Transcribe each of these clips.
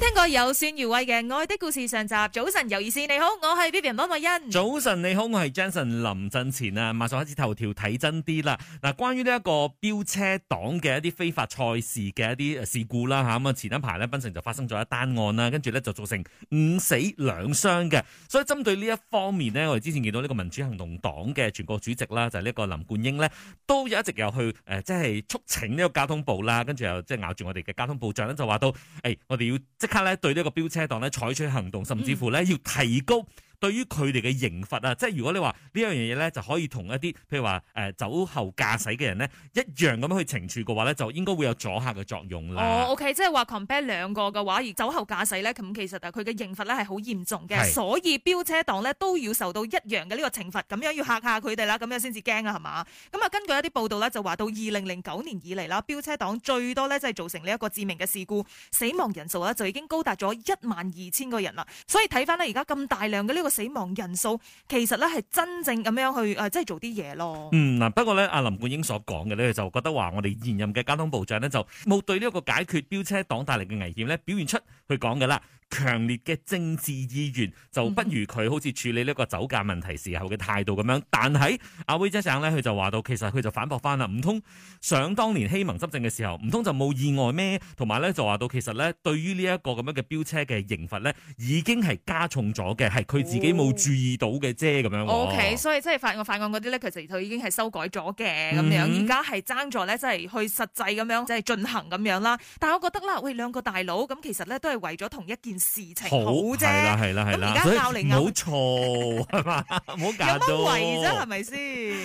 聽過有算姚偉嘅《愛的故事》上集。早晨有線你好，我係 Vivian 安慧欣。早晨你好，我係 Jensen 林振前啊！馬上開始頭條睇真啲啦。嗱，關於呢一個飆車黨嘅一啲非法賽事嘅一啲事故啦吓，咁啊，前一排咧，檳城就發生咗一單案啦，跟住咧就造成五死兩傷嘅。所以針對呢一方面呢，我哋之前見到呢個民主行動黨嘅全國主席啦，就係呢個林冠英呢，都一直有去誒，即係促請呢個交通部啦，跟住又即係咬住我哋嘅交通部長咧，就話到誒、哎，我哋要即。即刻咧對呢個飆車黨咧採取行動，甚至乎咧要提高。對於佢哋嘅刑罰啊，即係如果你話呢樣嘢咧，就可以同一啲譬如話誒酒後駕駛嘅人呢一樣咁樣去懲處嘅話呢，就應該會有阻嚇嘅作用啦。哦，OK，即係話 compare 兩個嘅話，而酒後駕駛呢，咁其實佢嘅刑罰呢係好嚴重嘅，係。所以飆車黨呢都要受到一樣嘅呢個懲罰，咁樣要嚇下佢哋啦，咁樣先至驚啊，係嘛？咁啊，根據一啲報道呢，就話到二零零九年以嚟啦，飆車黨最多呢，即係造成呢一個致命嘅事故，死亡人數呢就已經高達咗一萬二千個人啦。所以睇翻呢，而家咁大量嘅呢個。死亡人數，其實咧係真正咁樣去誒，即係做啲嘢咯。嗯，嗱不過咧，阿林冠英所講嘅咧，就覺得話我哋現任嘅交通部長咧，就冇對呢一個解決飆車黨帶嚟嘅危險咧，表現出去講嘅啦。強烈嘅政治意願就不如佢好似處理呢一個酒駕問題時候嘅態度咁樣。但係阿威傑省咧，佢就話到其實佢就反駁翻啦，唔通想當年希盟執政嘅時候，唔通就冇意外咩？同埋咧就話到其實咧，對於呢一個咁樣嘅飆車嘅刑罰咧，已經係加重咗嘅，係佢自己冇注意到嘅啫咁樣。哦、o、okay, K，、哦、所以即係犯案犯案法案法案嗰啲咧，其實佢已經係修改咗嘅，咁樣而家係爭在咧，即、就、係、是、去實際咁樣，即、就、係、是、進行咁樣啦。但係我覺得啦，喂兩個大佬咁，其實咧都係為咗同一件。事情好啫，係啦，係啦，係啦。咁而家拗嚟冇錯，係嘛，冇搞到。有乜為啫？係咪先？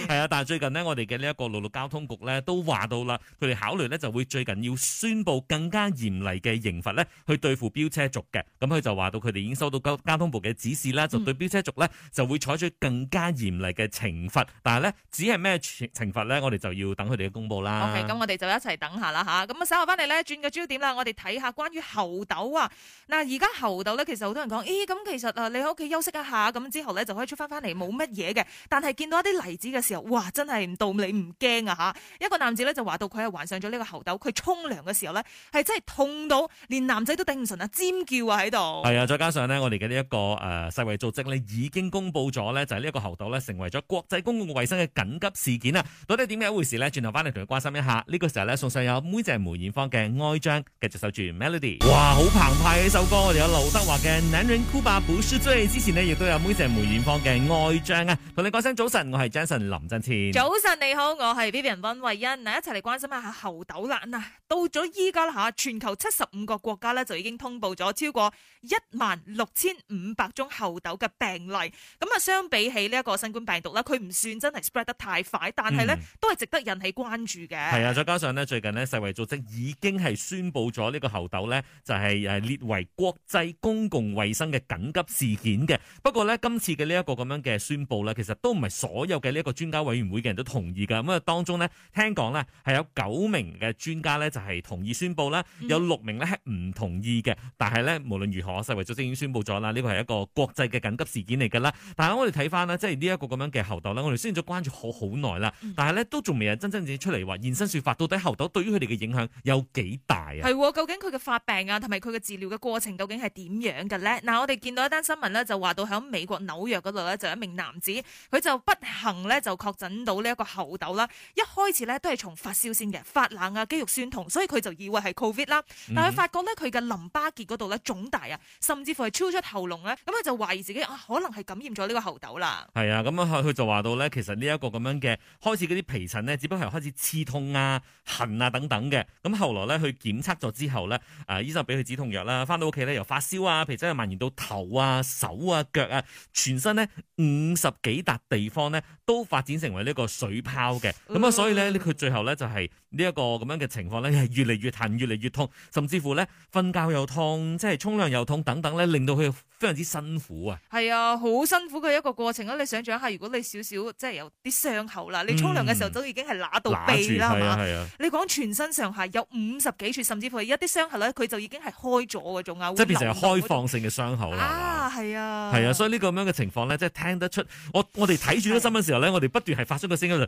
係啊， 但係最近呢，我哋嘅呢一個陸路交通局咧都話到啦，佢哋考慮咧就會最近要宣布更加嚴厲嘅刑罰咧，去對付飆車族嘅。咁佢就話到佢哋已經收到交交通部嘅指示啦，就對飆車族咧就會採取更加嚴厲嘅懲罰。但係咧，只係咩懲罰咧？我哋就要等佢哋嘅公佈啦。OK，咁我哋就一齊等下啦吓。咁啊，稍後翻嚟咧，轉個焦點啦，我哋睇下關於喉斗啊。嗱，啊而家猴痘咧，其實好多人講，咦、欸、咁其實啊，你喺屋企休息一下咁之後咧，就可以出翻翻嚟冇乜嘢嘅。但係見到一啲例子嘅時候，哇，真係唔到你唔驚啊嚇！一個男子咧就話到佢係患上咗呢個猴痘，佢沖涼嘅時候咧係真係痛到連男仔都頂唔順啊，尖叫啊喺度。係啊，再加上呢，我哋嘅呢一個誒、呃、世衞組織呢已經公佈咗呢，就係、是、呢一個猴痘咧成為咗國際公共衞生嘅緊急事件啊！到底點樣一回事呢？轉頭翻嚟同佢關心一下。呢、這個時候咧，送上有妹姐梅艷芳嘅愛將，繼續守住 Melody。哇，好澎湃呢首歌！有劉德華嘅《男人酷霸》補書追，之前咧亦都有梅姐妹姐梅艷芳嘅《哀章》啊，同你講聲早晨，我係 Jason 林振前。早晨你好，我係 Vivian 溫慧欣，嗱一齊嚟關心一下猴痘啦。嗱，到咗依家啦吓，全球七十五個國家咧就已經通報咗超過一萬六千五百宗猴痘嘅病例，咁啊相比起呢一個新冠病毒啦，佢唔算真係 spread 得太快，但係咧、嗯、都係值得引起關注嘅。係啊，再加上呢，最近呢世衛組織已經係宣布咗呢個猴痘咧就係、是、誒列為國際公共衛生嘅緊急事件嘅。不過咧今次嘅呢一個咁樣嘅宣布咧，其實都唔係所有嘅呢一個專家委員會嘅人都同意噶。咁啊當中呢，聽講呢係有九名嘅專家咧就係、是、同意宣布啦，有六名咧係唔同意嘅。但係咧無論如何。我世衞組織已經宣布咗啦，呢個係一個國際嘅緊急事件嚟㗎啦。但係我哋睇翻呢，即係呢一個咁樣嘅喉痘咧，我哋先咗關注好好耐啦。但係呢都仲未有真真正正出嚟話現身說法，到底喉痘對於佢哋嘅影響有幾大啊？係、嗯，究竟佢嘅發病啊，同埋佢嘅治療嘅過程，究竟係點樣嘅呢？嗱，我哋見到一單新聞呢，就話到喺美國紐約嗰度呢，就有一名男子，佢就不幸呢就確診到呢一個喉痘啦。一開始呢，都係從發燒先嘅，發冷啊，肌肉酸痛，所以佢就以為係 COVID 啦。但係發覺呢，佢嘅淋巴結嗰度呢，腫大啊。甚至乎係超出喉嚨咧，咁佢就懷疑自己啊，可能係感染咗呢個猴痘啦。係啊，咁啊，佢就話到咧，其實呢一個咁樣嘅開始嗰啲皮疹咧，只不過係開始刺痛啊、痕啊等等嘅。咁後來咧，去檢測咗之後咧，啊醫生俾佢止痛藥啦，翻到屋企咧又發燒啊，皮疹又蔓延到頭啊、手啊、腳啊，全身咧五十幾笪地方咧都發展成為呢個水泡嘅。咁啊、嗯，所以咧，呢佢最後咧就係、是、呢一個咁樣嘅情況咧，越嚟越痕，越嚟越痛，甚至乎咧瞓覺又痛，即係沖涼又痛。等等咧，令到佢非常之辛苦啊！係啊，好辛苦嘅一個過程啊。你想象下，如果你少少即係有啲傷口啦，你沖涼嘅時候，嗯、都已經係揦到鼻啦，係嘛著？吧啊、啊、你講全身上下有五十幾處，甚至乎一啲傷口咧，佢就已經係開咗嗰種啊，即係變成開放性嘅傷口啦。啊，係啊，係啊，所以呢個咁樣嘅情況咧，即係聽得出我我哋睇住咗新聞嘅時候咧，啊、我哋不斷係發出個聲音就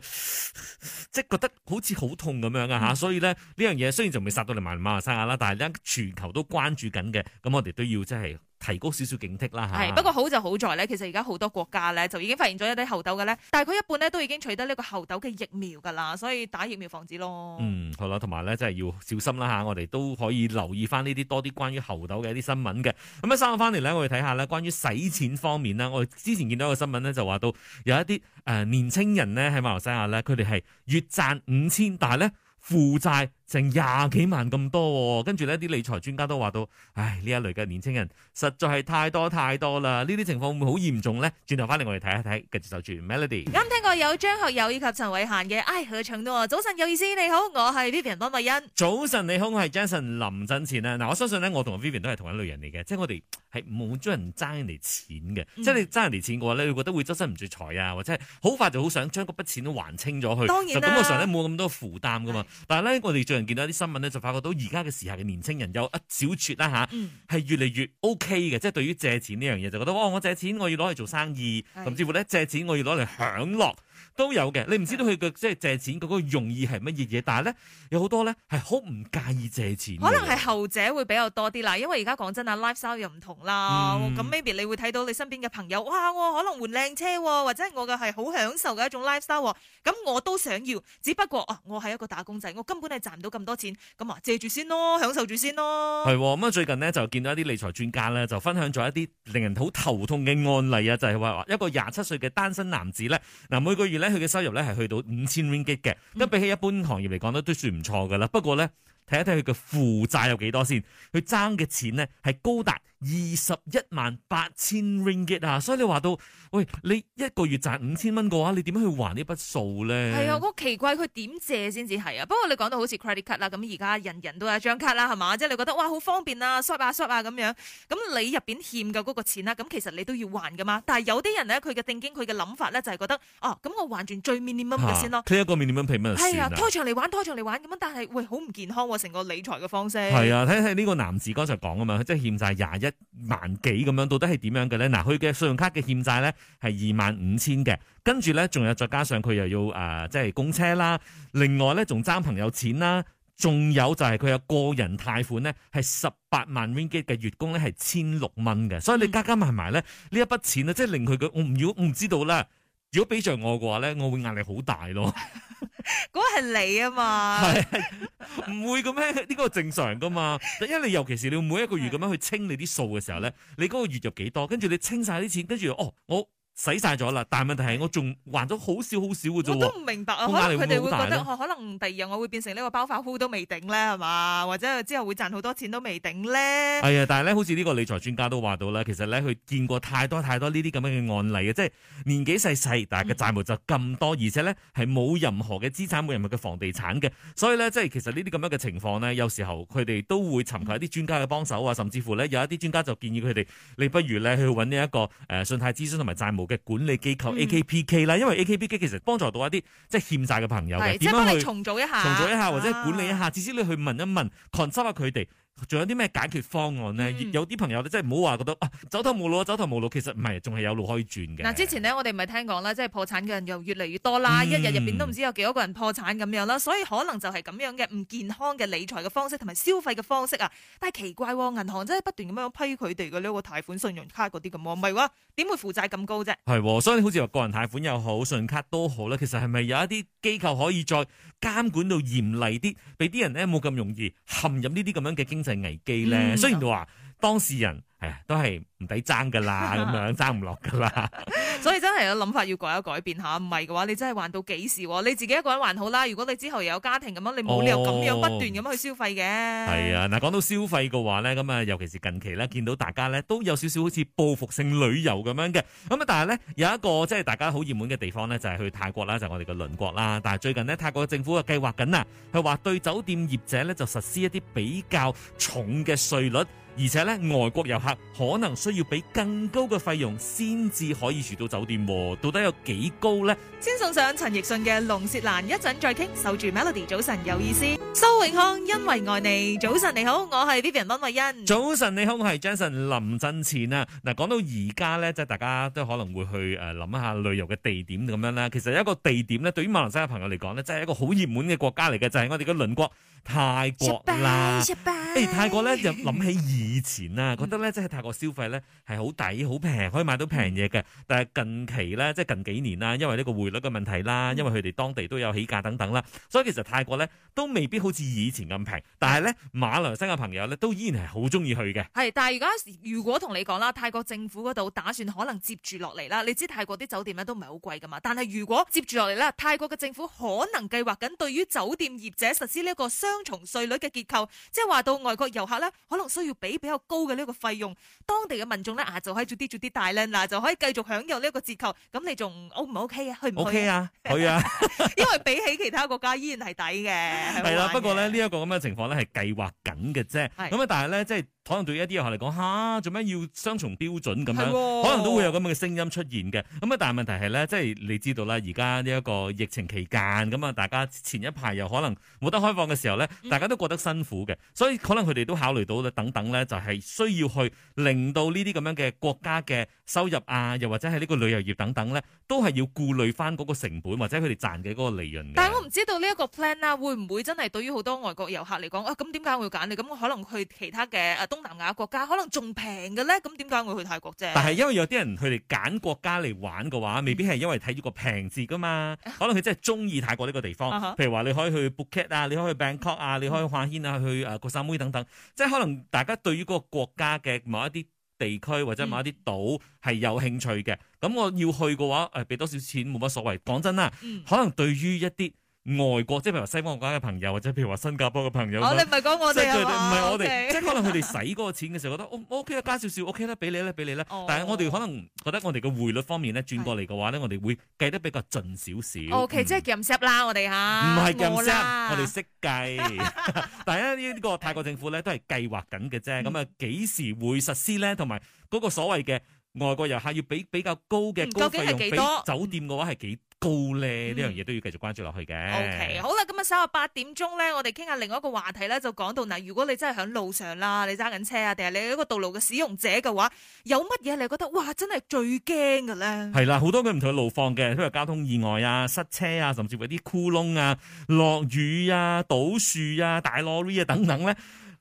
即係覺得好似好痛咁樣啊。吓、嗯，所以咧呢樣嘢雖然仲未殺到嚟馬來西亞啦，但係咧全球都關注緊嘅，咁我哋都要即、就、係、是。提高少少警惕啦吓，係不過好就好在咧，其實而家好多國家咧就已經發現咗一啲猴痘嘅咧，大概一半咧都已經取得呢個猴痘嘅疫苗噶啦，所以打疫苗防止咯。嗯，好、嗯、啦，同埋咧，真係要小心啦吓，我哋都可以留意翻呢啲多啲關於猴痘嘅一啲新聞嘅。咁啊，三個翻嚟咧，我哋睇下咧，關於使錢方面啦，我哋之前見到一個新聞咧，就話到有一啲誒年青人咧喺馬來西亞咧，佢哋係月賺五千，但係咧負債。成廿幾萬咁多，跟住呢啲理財專家都話到，唉呢一類嘅年輕人實在係太多太多啦！呢啲情況會唔會好嚴重咧？轉頭翻嚟我哋睇一睇，跟住守住 Melody。啱啱聽過有張學友以及陳慧嫻嘅《唉，去長度》。早晨有意思，你好，我係 Vivian 方慧欣。早晨你好，我係 Jason 林振前啦。嗱、啊，我相信呢，我同 Vivian 都係同一類人嚟嘅，即係我哋係冇將人爭人哋錢嘅，嗯、即係你爭人哋錢嘅話咧，你覺得會周身唔住財啊，或者係好快就好想將嗰筆錢都還清咗去。當然啦。就感覺上冇咁多負擔噶嘛。是但係咧，我哋見到一啲新聞咧，就發覺到而家嘅時下嘅年青人有一小撮啦吓，係越嚟越 OK 嘅，即係對於借錢呢樣嘢，就覺得哦，我借錢我要攞嚟做生意，甚至乎咧借錢我要攞嚟享樂。都有嘅，你唔知道佢嘅即係借錢嗰個用意係乜嘢嘢，但係咧有好多咧係好唔介意借錢，可能係後者會比較多啲啦，因為而家講真啊，lifestyle 又唔同啦。咁 maybe、嗯、你會睇到你身邊嘅朋友，哇，可能換靚車或者我嘅係好享受嘅一種 lifestyle。咁我都想要，只不過啊，我係一個打工仔，我根本係賺唔到咁多錢，咁啊借住先咯，享受住先咯。係，咁啊！最近咧就見到一啲理財專家咧就分享咗一啲令人好頭痛嘅案例啊，就係、是、話一個廿七歲嘅單身男子咧，嗱每個月咧。佢嘅收入咧係去到五千 Ringgit 嘅，咁比起一般行業嚟講咧都算唔錯噶啦。不過咧，睇一睇佢嘅負債有幾多先，佢爭嘅錢咧係高達，二十一萬八千 ringgit 啊，8, Ring it, 所以你話到，喂，你一個月賺五千蚊嘅話，你點樣去還筆呢筆數咧？係啊，好奇怪佢點借先至係啊。不過你講到好似 credit card 啦，咁而家人人都有一張卡啦，係嘛？即係你覺得哇，好方便啊，shop 啊 shop 啊咁、啊、樣。咁你入邊欠嘅嗰個錢啦，咁其實你都要還噶嘛。但係有啲人咧，佢嘅定經，佢嘅諗法咧就係覺得，哦、啊，咁我還完最 minimum 嘅先咯。開一個 minimum 配乜？係啊，拖、啊、場嚟玩，拖場嚟玩咁樣。但係喂，好唔健康、啊，成個理財嘅方式。係啊，睇睇呢個男士剛才講啊嘛，即真係欠債廿一。一萬幾咁樣，到底係點樣嘅咧？嗱，佢嘅信用卡嘅欠債咧係二萬五千嘅，跟住咧仲有再加上佢又要誒即係供車啦，另外咧仲爭朋友錢啦，仲有就係佢有個人貸款咧係十八萬 ringgit 嘅月供咧係千六蚊嘅，所以你加加埋埋咧呢一筆錢咧，即係令佢嘅我唔要，我唔知道咧，如果俾着我嘅話咧，我會壓力好大咯。 嗰個係你啊嘛， 嘛，係唔會嘅咩？呢個正常噶嘛。但係因為你尤其是你每一個月咁樣去清你啲數嘅時候咧，你嗰個月就幾多，跟住你清晒啲錢，跟住哦我。使晒咗啦，但係問題係我仲還咗好少好少嘅啫。我都唔明白，可能佢哋會，會，會覺得可能第二日我會變成呢個暴發戶都未定咧，係嘛？或者之後會賺好多錢都未定咧。係啊、哎，但係咧，好似呢個理財專家都話到咧，其實咧佢見過太多太多呢啲咁樣嘅案例嘅，即係年紀細細，但係嘅債務就咁多，而且咧係冇任何嘅資產，冇任何嘅房地產嘅，所以咧即係其實呢啲咁樣嘅情況咧，有時候佢哋都會尋求一啲專家嘅幫手啊，甚至乎咧有一啲專家就建議佢哋，你不如咧去揾呢一個誒、呃、信貸諮詢同埋債務嘅管理機構 AKPK 啦，AK K, 因為 AKPK 其實幫助到一啲即係欠債嘅朋友嘅，點是樣去幫你重組一下，重組一下或者管理一下，至少、啊、你去問一問，consult 下佢哋。仲有啲咩解決方案咧？嗯、有啲朋友咧，真係唔好話覺得啊，走投無路啊，走投無路。其實唔係，仲係有路可以轉嘅。嗱，之前呢，我哋咪聽講啦，即係破產嘅人又越嚟越多啦，嗯、一日入邊都唔知有幾多個人破產咁樣啦。所以可能就係咁樣嘅唔健康嘅理財嘅方式同埋消費嘅方式啊。但係奇怪喎、哦，銀行真係不斷咁樣批佢哋嘅呢個貸款、信用卡嗰啲咁，唔係喎，點會負債咁高啫？係、哦，所以好似話個人貸款又好，信用卡都好咧，其實係咪有一啲機構可以再監管到嚴厲啲，俾啲人咧冇咁容易陷入呢啲咁樣嘅經濟？就係危機咧，雖然話當事人。係都係唔抵爭噶啦，咁樣 爭唔落噶啦。所以真係個諗法要改一改變吓，唔係嘅話，你真係還到幾時？你自己一個人還好啦，如果你之後又有家庭咁樣，你冇理由咁樣不斷咁樣去消費嘅。係、哦、啊，嗱，講到消費嘅話呢，咁啊，尤其是近期呢，見到大家呢都有少少好似報復性旅遊咁樣嘅，咁啊，但係呢，有一個即係大家好熱門嘅地方呢，就係去泰國啦，就係我哋嘅鄰國啦。但係最近呢，泰國政府嘅計劃緊啊，係話對酒店業者呢，就實施一啲比較重嘅稅率。而且咧，外國遊客可能需要俾更高嘅費用先至可以住到酒店喎、哦。到底有幾高呢？先送上陳奕迅嘅《龍舌蘭》，一陣再傾。守住 Melody，早晨有意思。蘇永康因為愛你，早晨你好，我係 Vivian 温慧欣。早晨你好，我係 Jason 林振前啊，嗱，講到而家呢，即係大家都可能會去誒諗一下旅遊嘅地點咁樣啦。其實有一個地點咧，對於馬來西亞朋友嚟講呢，真係一個好熱門嘅國家嚟嘅，就係、是、我哋嘅鄰國。泰國啦，哎、泰國咧就諗起以前啦，覺得咧即係泰國消費咧係好抵好平，可以買到平嘢嘅。但係近期咧，即係近幾年啦，因為呢個匯率嘅問題啦，因為佢哋當地都有起價等等啦，所以其實泰國咧都未必好似以前咁平。但係咧，馬來西亞朋友咧都依然係好中意去嘅。係，但係如果如果同你講啦，泰國政府嗰度打算可能接住落嚟啦，你知泰國啲酒店咧都唔係好貴㗎嘛。但係如果接住落嚟咧，泰國嘅政府可能計劃緊對於酒店業者實施呢一個商。雙重稅率嘅結構，即係話到外國遊客咧，可能需要俾比，比較高嘅呢個費用，當地嘅民眾咧啊，就可以做啲做啲大靚嗱，就可以繼續享有呢一個折扣。咁你仲 O 唔 OK 啊？去唔 OK 啊？去啊！因為比起其他國家依然係抵嘅。係啦，不過咧呢一個咁嘅情況咧係計劃緊嘅啫。係咁啊，但係咧即係。可能對一啲遊客嚟講吓，做、啊、咩要雙重標準咁樣？哦、可能都會有咁嘅聲音出現嘅。咁啊，但係問題係咧，即係你知道啦，而家呢一個疫情期間咁啊，大家前一排又可能冇得開放嘅時候咧，大家都覺得辛苦嘅，嗯、所以可能佢哋都考慮到咧，等等咧，就係需要去令到呢啲咁樣嘅國家嘅收入啊，又或者係呢個旅遊業等等咧，都係要顧慮翻嗰個成本或者佢哋賺嘅嗰個利潤。但係我唔知道呢一個 plan 啦、啊，會唔會真係對於好多外國遊客嚟講啊？咁點解會揀你？咁我可能去其他嘅東南亞國家可能仲平嘅咧，咁點解會去泰國啫？但係因為有啲人佢哋揀國家嚟玩嘅話，嗯、未必係因為睇住個平字噶嘛。 可能佢真係中意泰國呢個地方，啊、哈譬如話你可以去 Phuket 啊，你可以去 Bangkok 啊，嗯、你可以去華欣啊，去誒國、呃、三妹等等。即係可能大家對於嗰個國家嘅某一啲地區或者某一啲島係有興趣嘅。咁、嗯、我要去嘅話，誒俾多少錢冇乜所謂。講真啦，可能對於一啲外國即係譬如話西方國家嘅朋友，或者譬如話新加坡嘅朋友，我哋唔係講，我哋唔係我哋，即係可能佢哋使嗰個錢嘅時候覺得 O O K 啊，加少少 O K 啦，俾你啦，俾你啦，但係我哋可能覺得我哋嘅匯率方面咧轉過嚟嘅話咧，我哋會計得比較盡少少。O K，即係 r o 啦，我哋吓，唔係 r o 我哋識計。但係呢呢個泰國政府咧都係計劃緊嘅啫，咁啊幾時會實施咧？同埋嗰個所謂嘅。外國遊客要比比較高嘅究竟係幾多？酒店嘅話係幾高咧？呢樣嘢都要繼續關注落去嘅。O K，好啦，今日稍後八點鐘咧，我哋傾下另外一個話題咧，就講到嗱，如果你真係喺路上啦，你揸緊車啊，定係你係一個道路嘅使用者嘅話，有乜嘢你覺得哇，真係最驚嘅咧？係啦，好多嘅唔同嘅路況嘅，譬如交通意外啊、塞車啊，甚至乎啲窟窿啊、落雨啊、倒樹啊、大 lorry 啊等等咧。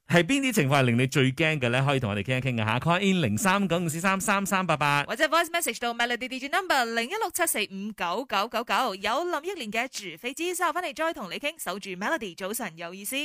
係邊啲情況係令你最驚嘅咧？可以同我哋傾一傾嘅吓，call in 零三九五四三三三八八，或者 voice message 到 melody digital number 零一六七四五九九九九，有林憶蓮嘅《絕非知》收翻嚟再同你傾，守住 melody 早晨有意思。